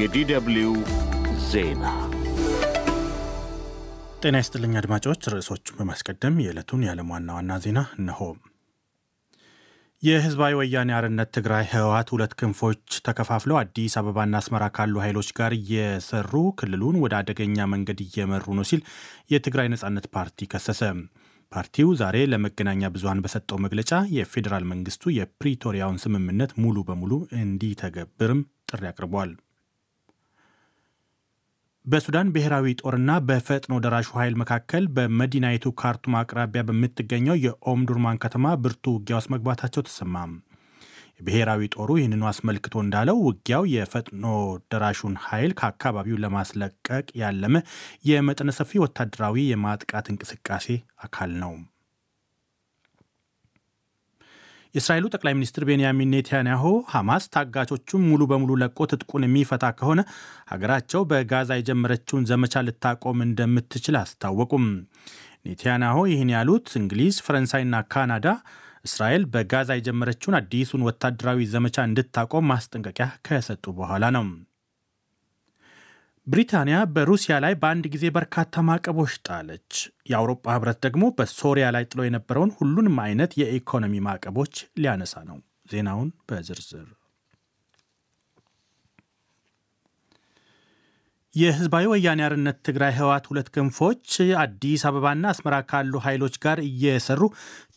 የዲደብሊው ዜና ጤና ይስጥልኝ አድማጮች። ርዕሶቹን በማስቀደም የዕለቱን የዓለም ዋና ዋና ዜና እነሆ። የህዝባዊ ወያኔ አርነት ትግራይ ህወሀት ሁለት ክንፎች ተከፋፍለው አዲስ አበባና አስመራ ካሉ ኃይሎች ጋር እየሰሩ ክልሉን ወደ አደገኛ መንገድ እየመሩ ነው ሲል የትግራይ ነጻነት ፓርቲ ከሰሰ። ፓርቲው ዛሬ ለመገናኛ ብዙሀን በሰጠው መግለጫ የፌዴራል መንግስቱ የፕሪቶሪያውን ስምምነት ሙሉ በሙሉ እንዲተገብርም ጥሪ አቅርቧል። በሱዳን ብሔራዊ ጦርና በፈጥኖ ደራሹ ኃይል መካከል በመዲናይቱ ካርቱም አቅራቢያ በምትገኘው የኦምዱርማን ከተማ ብርቱ ውጊያ ውስጥ መግባታቸው ተሰማ። ብሔራዊ ጦሩ ይህንኑ አስመልክቶ እንዳለው ውጊያው የፈጥኖ ደራሹን ኃይል ከአካባቢው ለማስለቀቅ ያለመ የመጠነ ሰፊ ወታደራዊ የማጥቃት እንቅስቃሴ አካል ነው። የእስራኤሉ ጠቅላይ ሚኒስትር ቤንያሚን ኔታንያሁ ሐማስ ታጋቾቹን ሙሉ በሙሉ ለቆ ትጥቁን የሚፈታ ከሆነ ሀገራቸው በጋዛ የጀመረችውን ዘመቻ ልታቆም እንደምትችል አስታወቁም። ኔታንያሁ ይህን ያሉት እንግሊዝ፣ ፈረንሳይና ካናዳ እስራኤል በጋዛ የጀመረችውን አዲሱን ወታደራዊ ዘመቻ እንድታቆም ማስጠንቀቂያ ከሰጡ በኋላ ነው። ብሪታንያ በሩሲያ ላይ በአንድ ጊዜ በርካታ ማዕቀቦች ጣለች። የአውሮፓ ህብረት ደግሞ በሶሪያ ላይ ጥሎ የነበረውን ሁሉንም አይነት የኢኮኖሚ ማዕቀቦች ሊያነሳ ነው። ዜናውን በዝርዝር የህዝባዊ ወያኔ አርነት ትግራይ ህወሓት ሁለት ክንፎች አዲስ አበባና አስመራ ካሉ ኃይሎች ጋር እየሰሩ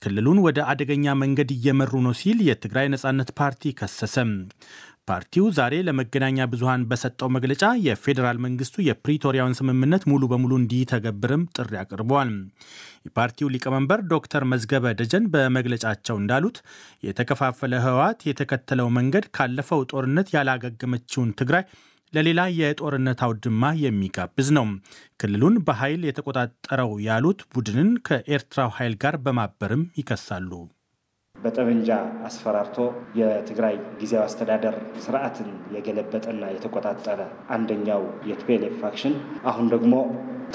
ክልሉን ወደ አደገኛ መንገድ እየመሩ ነው ሲል የትግራይ ነጻነት ፓርቲ ከሰሰም። ፓርቲው ዛሬ ለመገናኛ ብዙሃን በሰጠው መግለጫ የፌዴራል መንግስቱ የፕሪቶሪያውን ስምምነት ሙሉ በሙሉ እንዲተገብርም ጥሪ አቅርቧል። የፓርቲው ሊቀመንበር ዶክተር መዝገበ ደጀን በመግለጫቸው እንዳሉት የተከፋፈለ ህወሓት የተከተለው መንገድ ካለፈው ጦርነት ያላገገመችውን ትግራይ ለሌላ የጦርነት አውድማ የሚጋብዝ ነው። ክልሉን በኃይል የተቆጣጠረው ያሉት ቡድንን ከኤርትራው ኃይል ጋር በማበርም ይከሳሉ። በጠመንጃ አስፈራርቶ የትግራይ ጊዜያዊ አስተዳደር ስርዓትን የገለበጠና የተቆጣጠረ አንደኛው የቲፒኤልኤፍ ፋክሽን አሁን ደግሞ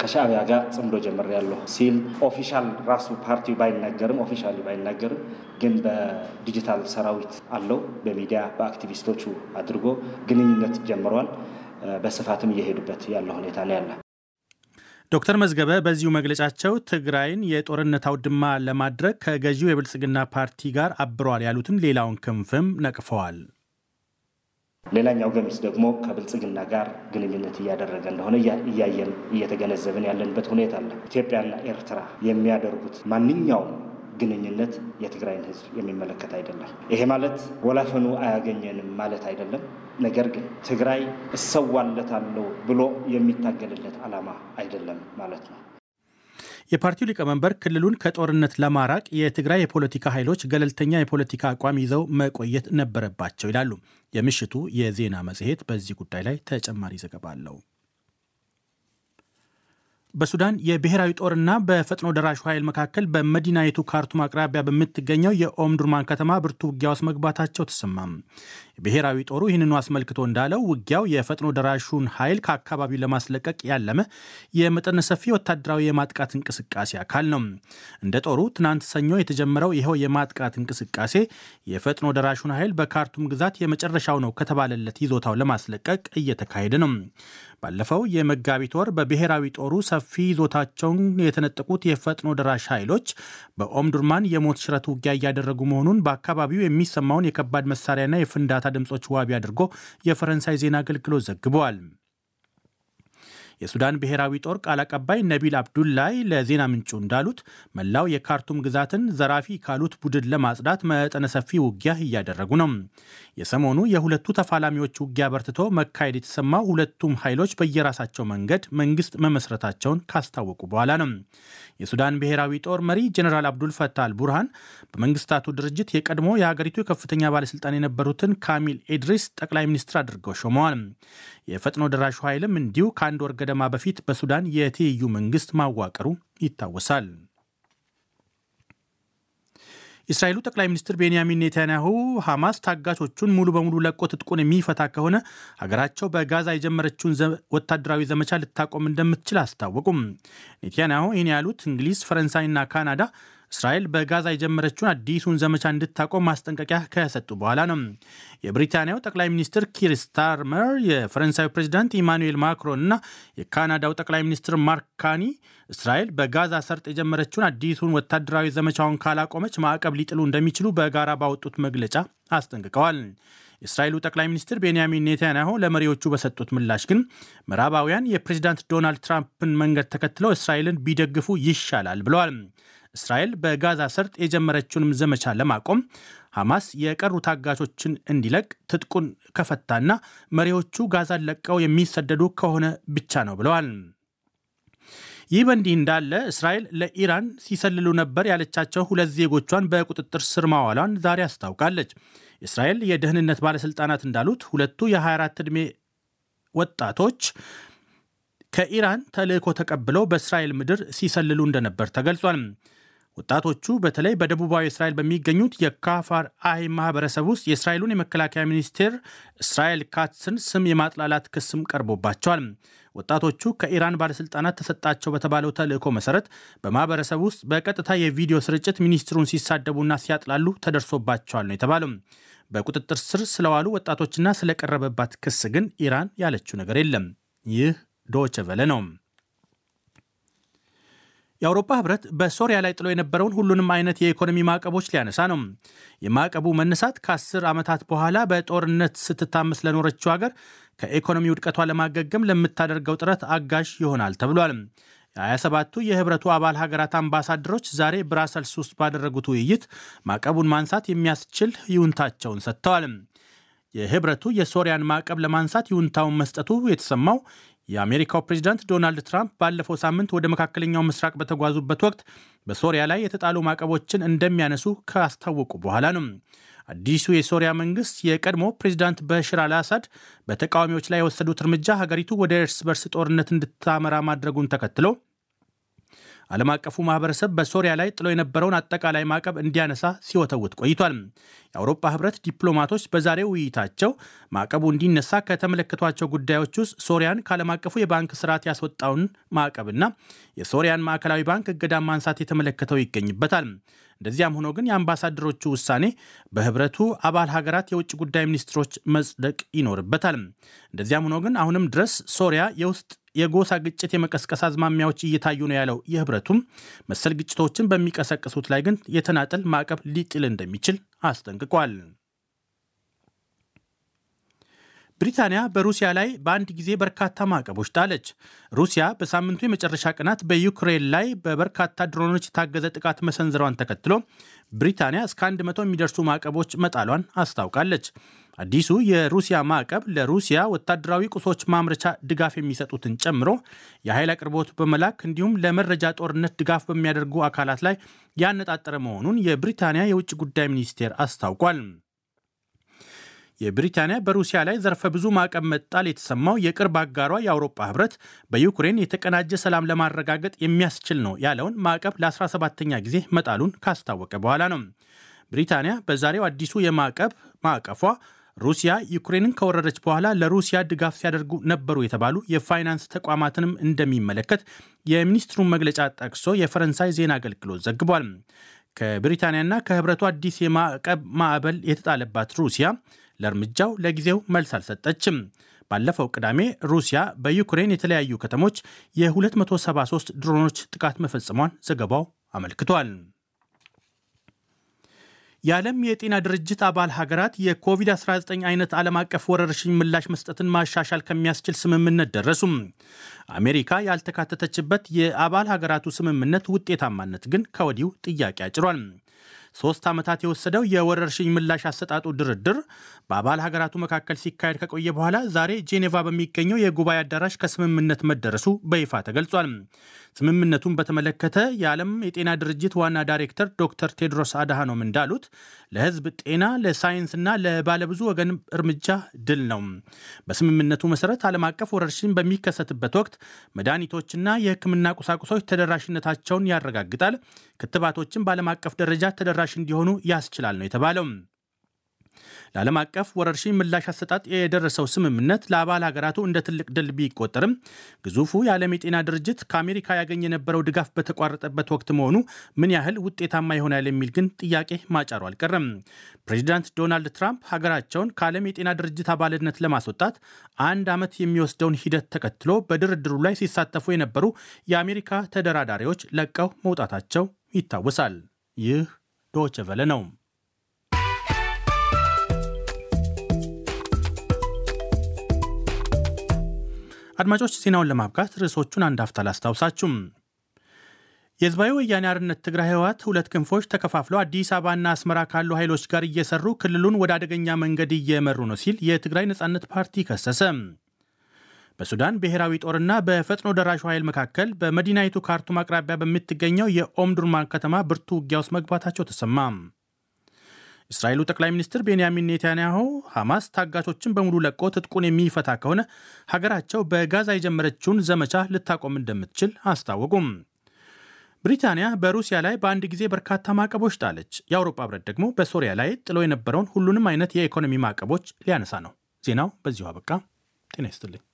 ከሻዕቢያ ጋር ጽምዶ ጀምር ያለሁ ሲል ኦፊሻል ራሱ ፓርቲው ባይናገርም ኦፊሻሊ ባይናገርም ግን በዲጂታል ሰራዊት አለው በሚዲያ በአክቲቪስቶቹ አድርጎ ግንኙነት ጀምሯል በስፋትም እየሄዱበት ያለ ሁኔታ ነው ያለ። ዶክተር መዝገበ በዚሁ መግለጫቸው ትግራይን የጦርነት አውድማ ለማድረግ ከገዢው የብልጽግና ፓርቲ ጋር አብረዋል ያሉትን ሌላውን ክንፍም ነቅፈዋል። ሌላኛው ገሚስ ደግሞ ከብልጽግና ጋር ግንኙነት እያደረገ እንደሆነ እያየን እየተገነዘብን ያለንበት ሁኔታ አለ። ኢትዮጵያና ኤርትራ የሚያደርጉት ማንኛውም ግንኙነት የትግራይን ሕዝብ የሚመለከት አይደለም። ይሄ ማለት ወላፈኑ አያገኘንም ማለት አይደለም። ነገር ግን ትግራይ እሰዋለታለሁ ብሎ የሚታገልለት ዓላማ አይደለም ማለት ነው። የፓርቲው ሊቀመንበር ክልሉን ከጦርነት ለማራቅ የትግራይ የፖለቲካ ኃይሎች ገለልተኛ የፖለቲካ አቋም ይዘው መቆየት ነበረባቸው ይላሉ። የምሽቱ የዜና መጽሔት በዚህ ጉዳይ ላይ ተጨማሪ ዘገባ አለው። በሱዳን የብሔራዊ ጦርና በፈጥኖ ደራሹ ኃይል መካከል በመዲናይቱ ካርቱም አቅራቢያ በምትገኘው የኦምዱርማን ከተማ ብርቱ ውጊያ ውስጥ መግባታቸው ተሰማም። ብሔራዊ ጦሩ ይህንኑ አስመልክቶ እንዳለው ውጊያው የፈጥኖ ደራሹን ኃይል ከአካባቢው ለማስለቀቅ ያለመ የመጠነ ሰፊ ወታደራዊ የማጥቃት እንቅስቃሴ አካል ነው። እንደ ጦሩ ትናንት ሰኞ የተጀመረው ይኸው የማጥቃት እንቅስቃሴ የፈጥኖ ደራሹን ኃይል በካርቱም ግዛት የመጨረሻው ነው ከተባለለት ይዞታው ለማስለቀቅ እየተካሄደ ነው። ባለፈው የመጋቢት ወር በብሔራዊ ጦሩ ሰፊ ይዞታቸውን የተነጠቁት የፈጥኖ ደራሽ ኃይሎች በኦምዱርማን የሞት ሽረት ውጊያ እያደረጉ መሆኑን በአካባቢው የሚሰማውን የከባድ መሳሪያና የፍንዳታ ድምፆች ዋቢ አድርጎ የፈረንሳይ ዜና አገልግሎት ዘግበዋል። የሱዳን ብሔራዊ ጦር ቃል አቀባይ ነቢል አብዱላይ ለዜና ምንጩ እንዳሉት መላው የካርቱም ግዛትን ዘራፊ ካሉት ቡድን ለማጽዳት መጠነ ሰፊ ውጊያ እያደረጉ ነው። የሰሞኑ የሁለቱ ተፋላሚዎች ውጊያ በርትቶ መካሄድ የተሰማው ሁለቱም ኃይሎች በየራሳቸው መንገድ መንግስት መመስረታቸውን ካስታወቁ በኋላ ነው። የሱዳን ብሔራዊ ጦር መሪ ጀኔራል አብዱል ፈታህ አል ቡርሃን በመንግስታቱ ድርጅት የቀድሞ የሀገሪቱ ከፍተኛ ባለስልጣን የነበሩትን ካሚል ኤድሪስ ጠቅላይ ሚኒስትር አድርገው ሾመዋል። የፈጥኖ ደራሹ ኃይልም እንዲሁ ከአንድ ወር ገደማ በፊት በሱዳን የትይዩ መንግስት ማዋቀሩ ይታወሳል። እስራኤሉ ጠቅላይ ሚኒስትር ቤንያሚን ኔታንያሁ ሐማስ ታጋቾቹን ሙሉ በሙሉ ለቆ ትጥቁን የሚፈታ ከሆነ ሀገራቸው በጋዛ የጀመረችውን ወታደራዊ ዘመቻ ልታቆም እንደምትችል አስታወቁም። ኔታንያሁ ይህን ያሉት እንግሊዝ፣ ፈረንሳይና ካናዳ እስራኤል በጋዛ የጀመረችውን አዲሱን ዘመቻ እንድታቆም ማስጠንቀቂያ ከሰጡ በኋላ ነው። የብሪታንያው ጠቅላይ ሚኒስትር ኪር ስታርመር፣ የፈረንሳዩ ፕሬዚዳንት ኢማኑኤል ማክሮን እና የካናዳው ጠቅላይ ሚኒስትር ማርክ ካኒ እስራኤል በጋዛ ሰርጥ የጀመረችውን አዲሱን ወታደራዊ ዘመቻውን ካላቆመች ማዕቀብ ሊጥሉ እንደሚችሉ በጋራ ባወጡት መግለጫ አስጠንቅቀዋል። የእስራኤሉ ጠቅላይ ሚኒስትር ቤንያሚን ኔታንያሁ ለመሪዎቹ በሰጡት ምላሽ ግን ምዕራባውያን የፕሬዚዳንት ዶናልድ ትራምፕን መንገድ ተከትለው እስራኤልን ቢደግፉ ይሻላል ብለዋል። እስራኤል በጋዛ ሰርጥ የጀመረችውንም ዘመቻ ለማቆም ሐማስ የቀሩ ታጋቾችን እንዲለቅ ትጥቁን ከፈታና መሪዎቹ ጋዛን ለቀው የሚሰደዱ ከሆነ ብቻ ነው ብለዋል። ይህ በእንዲህ እንዳለ እስራኤል ለኢራን ሲሰልሉ ነበር ያለቻቸው ሁለት ዜጎቿን በቁጥጥር ስር ማዋሏን ዛሬ አስታውቃለች። እስራኤል የደህንነት ባለሥልጣናት እንዳሉት ሁለቱ የ24 ዕድሜ ወጣቶች ከኢራን ተልእኮ ተቀብለው በእስራኤል ምድር ሲሰልሉ እንደነበር ተገልጿል። ወጣቶቹ በተለይ በደቡባዊ እስራኤል በሚገኙት የካፋር አይ ማህበረሰብ ውስጥ የእስራኤሉን የመከላከያ ሚኒስቴር እስራኤል ካትስን ስም የማጥላላት ክስም ቀርቦባቸዋል። ወጣቶቹ ከኢራን ባለስልጣናት ተሰጣቸው በተባለው ተልእኮ መሰረት በማህበረሰብ ውስጥ በቀጥታ የቪዲዮ ስርጭት ሚኒስትሩን ሲሳደቡና ሲያጥላሉ ተደርሶባቸዋል ነው የተባለው። በቁጥጥር ስር ስለዋሉ ወጣቶችና ስለቀረበባት ክስ ግን ኢራን ያለችው ነገር የለም። ይህ ዶቸ ቨለ ነው። የአውሮፓ ህብረት በሶሪያ ላይ ጥሎ የነበረውን ሁሉንም አይነት የኢኮኖሚ ማዕቀቦች ሊያነሳ ነው። የማዕቀቡ መነሳት ከአስር ዓመታት በኋላ በጦርነት ስትታመስ ለኖረችው ሀገር ከኢኮኖሚ ውድቀቷ ለማገገም ለምታደርገው ጥረት አጋዥ ይሆናል ተብሏል። የ27ቱ የህብረቱ አባል ሀገራት አምባሳደሮች ዛሬ ብራሰልስ ውስጥ ባደረጉት ውይይት ማዕቀቡን ማንሳት የሚያስችል ይውንታቸውን ሰጥተዋል። የህብረቱ የሶሪያን ማዕቀብ ለማንሳት ይውንታውን መስጠቱ የተሰማው የአሜሪካው ፕሬዚዳንት ዶናልድ ትራምፕ ባለፈው ሳምንት ወደ መካከለኛው ምስራቅ በተጓዙበት ወቅት በሶሪያ ላይ የተጣሉ ማዕቀቦችን እንደሚያነሱ ካስታወቁ በኋላ ነው። አዲሱ የሶሪያ መንግስት የቀድሞ ፕሬዚዳንት በሽር አልአሳድ በተቃዋሚዎች ላይ የወሰዱት እርምጃ ሀገሪቱ ወደ እርስ በርስ ጦርነት እንድታመራ ማድረጉን ተከትሎ ዓለም አቀፉ ማህበረሰብ በሶሪያ ላይ ጥሎ የነበረውን አጠቃላይ ማዕቀብ እንዲያነሳ ሲወተውት ቆይቷል። የአውሮፓ ህብረት ዲፕሎማቶች በዛሬው ውይይታቸው ማዕቀቡ እንዲነሳ ከተመለከቷቸው ጉዳዮች ውስጥ ሶሪያን ከዓለም አቀፉ የባንክ ስርዓት ያስወጣውን ማዕቀብና የሶሪያን ማዕከላዊ ባንክ እገዳ ማንሳት የተመለከተው ይገኝበታል። እንደዚያም ሆኖ ግን የአምባሳደሮቹ ውሳኔ በህብረቱ አባል ሀገራት የውጭ ጉዳይ ሚኒስትሮች መጽደቅ ይኖርበታል። እንደዚያም ሆኖ ግን አሁንም ድረስ ሶሪያ የውስጥ የጎሳ ግጭት የመቀስቀስ አዝማሚያዎች እየታዩ ነው ያለው የህብረቱም መሰል ግጭቶችን በሚቀሰቅሱት ላይ ግን የተናጠል ማዕቀብ ሊጥል እንደሚችል አስጠንቅቋል። ብሪታንያ በሩሲያ ላይ በአንድ ጊዜ በርካታ ማዕቀቦች ጣለች። ሩሲያ በሳምንቱ የመጨረሻ ቀናት በዩክሬን ላይ በበርካታ ድሮኖች የታገዘ ጥቃት መሰንዘሯን ተከትሎ ብሪታንያ እስከ 100 የሚደርሱ ማዕቀቦች መጣሏን አስታውቃለች። አዲሱ የሩሲያ ማዕቀብ ለሩሲያ ወታደራዊ ቁሶች ማምረቻ ድጋፍ የሚሰጡትን ጨምሮ የኃይል አቅርቦት በመላክ እንዲሁም ለመረጃ ጦርነት ድጋፍ በሚያደርጉ አካላት ላይ ያነጣጠረ መሆኑን የብሪታንያ የውጭ ጉዳይ ሚኒስቴር አስታውቋል። የብሪታንያ በሩሲያ ላይ ዘርፈ ብዙ ማዕቀብ መጣል የተሰማው የቅርብ አጋሯ የአውሮፓ ህብረት በዩክሬን የተቀናጀ ሰላም ለማረጋገጥ የሚያስችል ነው ያለውን ማዕቀብ ለ17ኛ ጊዜ መጣሉን ካስታወቀ በኋላ ነው። ብሪታንያ በዛሬው አዲሱ የማዕቀብ ማዕቀፏ ሩሲያ ዩክሬንን ከወረረች በኋላ ለሩሲያ ድጋፍ ሲያደርጉ ነበሩ የተባሉ የፋይናንስ ተቋማትንም እንደሚመለከት የሚኒስትሩን መግለጫ ጠቅሶ የፈረንሳይ ዜና አገልግሎት ዘግቧል። ከብሪታንያና ከህብረቱ አዲስ የማዕቀብ ማዕበል የተጣለባት ሩሲያ ለእርምጃው ለጊዜው መልስ አልሰጠችም። ባለፈው ቅዳሜ ሩሲያ በዩክሬን የተለያዩ ከተሞች የ273 ድሮኖች ጥቃት መፈጸሟን ዘገባው አመልክቷል። የዓለም የጤና ድርጅት አባል ሀገራት የኮቪድ-19 አይነት ዓለም አቀፍ ወረርሽኝ ምላሽ መስጠትን ማሻሻል ከሚያስችል ስምምነት ደረሱም። አሜሪካ ያልተካተተችበት የአባል ሀገራቱ ስምምነት ውጤታማነት ግን ከወዲሁ ጥያቄ አጭሯል። ሶስት ዓመታት የወሰደው የወረርሽኝ ምላሽ አሰጣጡ ድርድር በአባል ሀገራቱ መካከል ሲካሄድ ከቆየ በኋላ ዛሬ ጄኔቫ በሚገኘው የጉባኤ አዳራሽ ከስምምነት መደረሱ በይፋ ተገልጿል። ስምምነቱን በተመለከተ የዓለም የጤና ድርጅት ዋና ዳይሬክተር ዶክተር ቴድሮስ አድሃኖም እንዳሉት ለሕዝብ ጤና ለሳይንስና ለባለብዙ ወገን እርምጃ ድል ነው። በስምምነቱ መሰረት ዓለም አቀፍ ወረርሽኝ በሚከሰትበት ወቅት መድኃኒቶችና የሕክምና ቁሳቁሶች ተደራሽነታቸውን ያረጋግጣል። ክትባቶችን በዓለም አቀፍ ደረጃ ተደራ ተደራሽ እንዲሆኑ ያስችላል ነው የተባለው። ለዓለም አቀፍ ወረርሽኝ ምላሽ አሰጣጥ የደረሰው ስምምነት ለአባል ሀገራቱ እንደ ትልቅ ድል ቢቆጠርም ግዙፉ የዓለም የጤና ድርጅት ከአሜሪካ ያገኝ የነበረው ድጋፍ በተቋረጠበት ወቅት መሆኑ ምን ያህል ውጤታማ ይሆናል የሚል ግን ጥያቄ ማጫሩ አልቀረም። ፕሬዚዳንት ዶናልድ ትራምፕ ሀገራቸውን ከዓለም የጤና ድርጅት አባልነት ለማስወጣት አንድ ዓመት የሚወስደውን ሂደት ተከትሎ በድርድሩ ላይ ሲሳተፉ የነበሩ የአሜሪካ ተደራዳሪዎች ለቀው መውጣታቸው ይታወሳል። ይህ ዶች ቨለ ነው። አድማጮች ዜናውን ለማብቃት ርዕሶቹን አንድ አፍታ ላስታውሳችሁም። የህዝባዊ ወያኔ አርነት ትግራይ ህወሓት ሁለት ክንፎች ተከፋፍለው አዲስ አበባና አስመራ ካሉ ኃይሎች ጋር እየሰሩ ክልሉን ወደ አደገኛ መንገድ እየመሩ ነው ሲል የትግራይ ነጻነት ፓርቲ ከሰሰ። በሱዳን ብሔራዊ ጦርና በፈጥኖ ደራሹ ኃይል መካከል በመዲናይቱ ካርቱም አቅራቢያ በምትገኘው የኦምዱርማን ከተማ ብርቱ ውጊያ ውስጥ መግባታቸው ተሰማ። እስራኤሉ ጠቅላይ ሚኒስትር ቤንያሚን ኔታንያሁ ሐማስ ታጋቾችን በሙሉ ለቆ ትጥቁን የሚፈታ ከሆነ ሀገራቸው በጋዛ የጀመረችውን ዘመቻ ልታቆም እንደምትችል አስታወቁም። ብሪታንያ በሩሲያ ላይ በአንድ ጊዜ በርካታ ማዕቀቦች ጣለች። የአውሮፓ ብረት ደግሞ በሶሪያ ላይ ጥሎ የነበረውን ሁሉንም አይነት የኢኮኖሚ ማዕቀቦች ሊያነሳ ነው። ዜናው በዚሁ አበቃ። ጤና ይስጥልኝ።